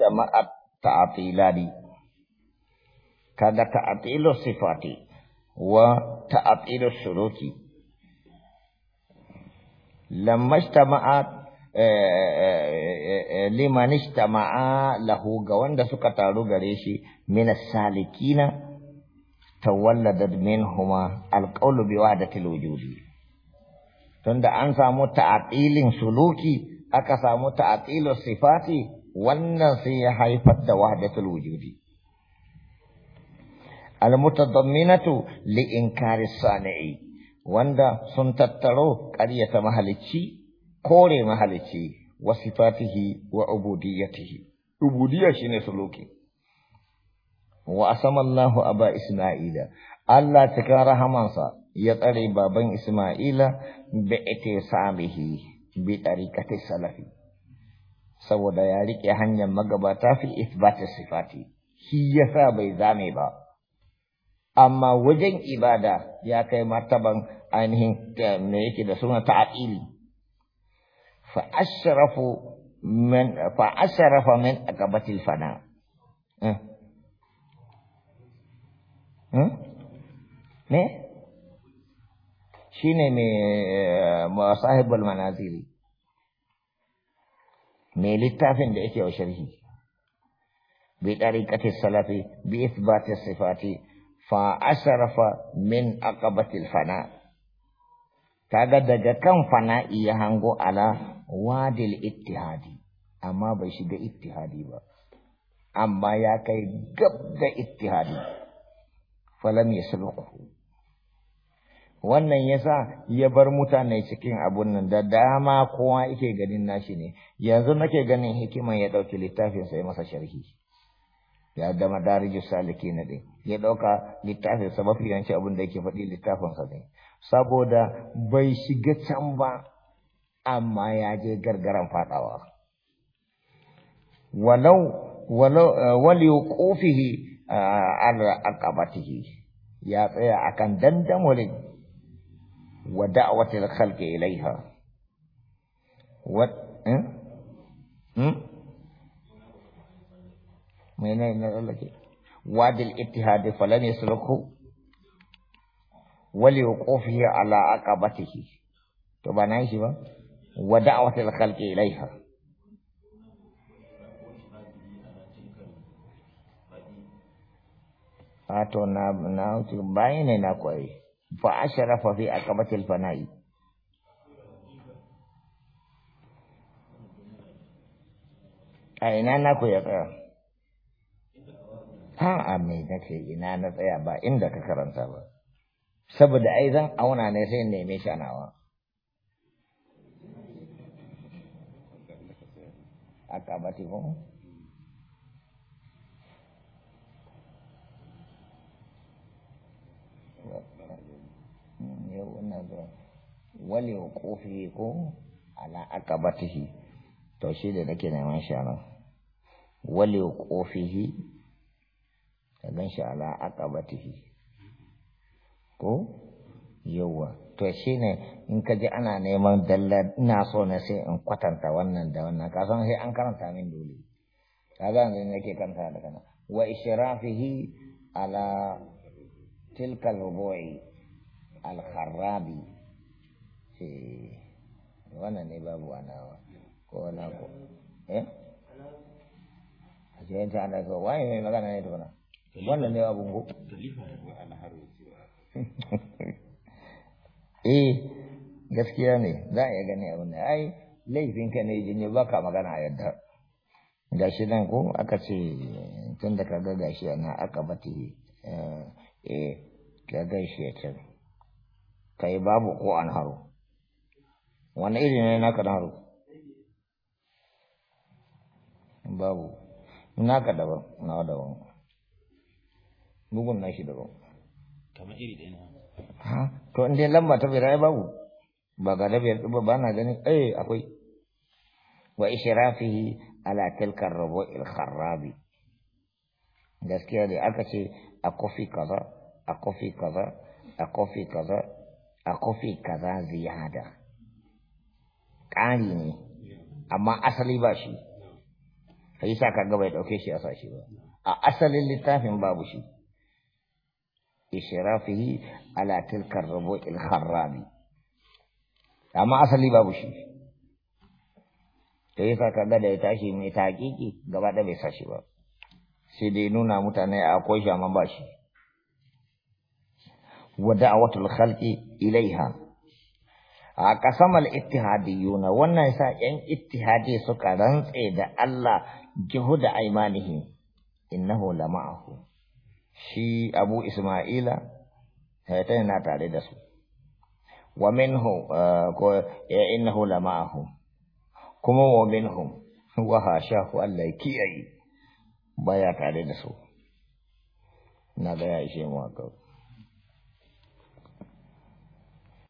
jama'at ta'atilani kaga ta'atilu sifati wa ta'atilu shuruti lamma ijtama'at eh, eh, eh, liman ijtama'a lahu ga wanda suka taru gare shi min salikina tawalladat minhuma al-qawlu biwahdatil wujudi tunda an samu ta'atilin suluki aka samu ta'atilu sifati wannan sai ya haifar da wahdatul wujudi mutadamminatu li inkari sani'i wanda sun tattaro qaryata mahalicci kore mahalicci wa sifatihi wa ubudiyyatihi ubudiyya shine suluki wa asama Allahu aba Isma'ila Allah cikin rahamansa ya tsare baban Isma'ila bi ittisamihi bi tariqati salafi saboda ya riƙe hanyar magabata fi ifbata sifati shi ya sa bai zame ba amma wajen ibada ya kai martaban ainihin eh, me yake da suna ta'ili fa ashrafu من فأشرف من أقبة الفناء shi ne mai eh, masahibul manaziri mai littafin da yake wa sharhi bi salafi bi ithbati sifati fa asrafa min aqabati fana kaga daga kan fana ya hango ala wadil ittihadi amma bai shiga ittihadi ba amma ya kai gab da ittihadi falam yasluqu wannan yasa ya bar mutane cikin abun nan da dama kowa yake ganin nashi ne yanzu nake ganin hikiman ya dauki littafin sai masa sharhi ya da madarijus salikin ne ya dauka littafin sa mafi yanci abun da yake faɗi littafin sa ne saboda bai shiga can ba amma ya je gargaran fadawa walau walau eh, wal yuqufihi eh, ala aqabatihi ya tsaya akan dandamolin wa da'awatil khalqi wa hmm eh? hmm mai ne wa wa li ala aqabatihi to ba nan shi ba wa a to na na bayane na kwaye فأشرف في عقبة الفناء أين نكو يا ha a me nake ina na tsaya ba inda ka karanta ba saboda ai zan auna ne sai neme shanawa A akabati kuma. yau ina zuwa wale kofi ko ala akabatihi to shi da nake neman shi anan wale kofihi ka gan shi ala akabatihi ko yawa to shine in ka ji ana neman dallar ina so na sai in kwatanta wannan da wannan ka san sai an karanta min dole ka kaga ne nake karanta da kana wa ishrafihi ala تلك الربوع الخرابي في وانا نباب وانا وانا ايه اجي انت انا ana ko ما eh? mai magana ne to na wannan ne abun ko eh gaskiya ne za a iya gani abu ne ai laifin ka ne jinye baka magana a yadda gashi nan ko aka ce tun da kaga gashi ana aka bati eh, eh ya gaishe ya kai babu ko an haru wani iri ne na na haru babu ka daban na daban bugun na shi daban kama iri da yana ha to in dai lamba ta biyar babu ba ga dabiyar ba ba na ganin eh akwai wa ishrafihi ala tilka ar-rubu' al-kharabi gaskiya da aka ce a kofi kaza a kaza a kaza a kaza ziyada ƙari ne amma asali ba shi sai sa kaga bai dauke shi a sashi ba a asalin littafin babu shi ishrafihi ala tilka ar-rubu'il kharabi amma asali babu shi sai sa kaga da ya tashi mai taƙiƙi gaba da bai sashi ba sai dai nuna mutane akwai shi amma ba shi wa da'watul khalqi ilaiha a kasamal ittihadiyuna wannan sa yan ittihadi suka rantse da Allah jihuda aimanihi innahu la ma'ahu shi abu isma'ila hayta yana tare da su wa minhu ko ya innahu la ma'ahu kuma wa minhum wa hashahu Allah ki baya tare da su na ga ishe mu akau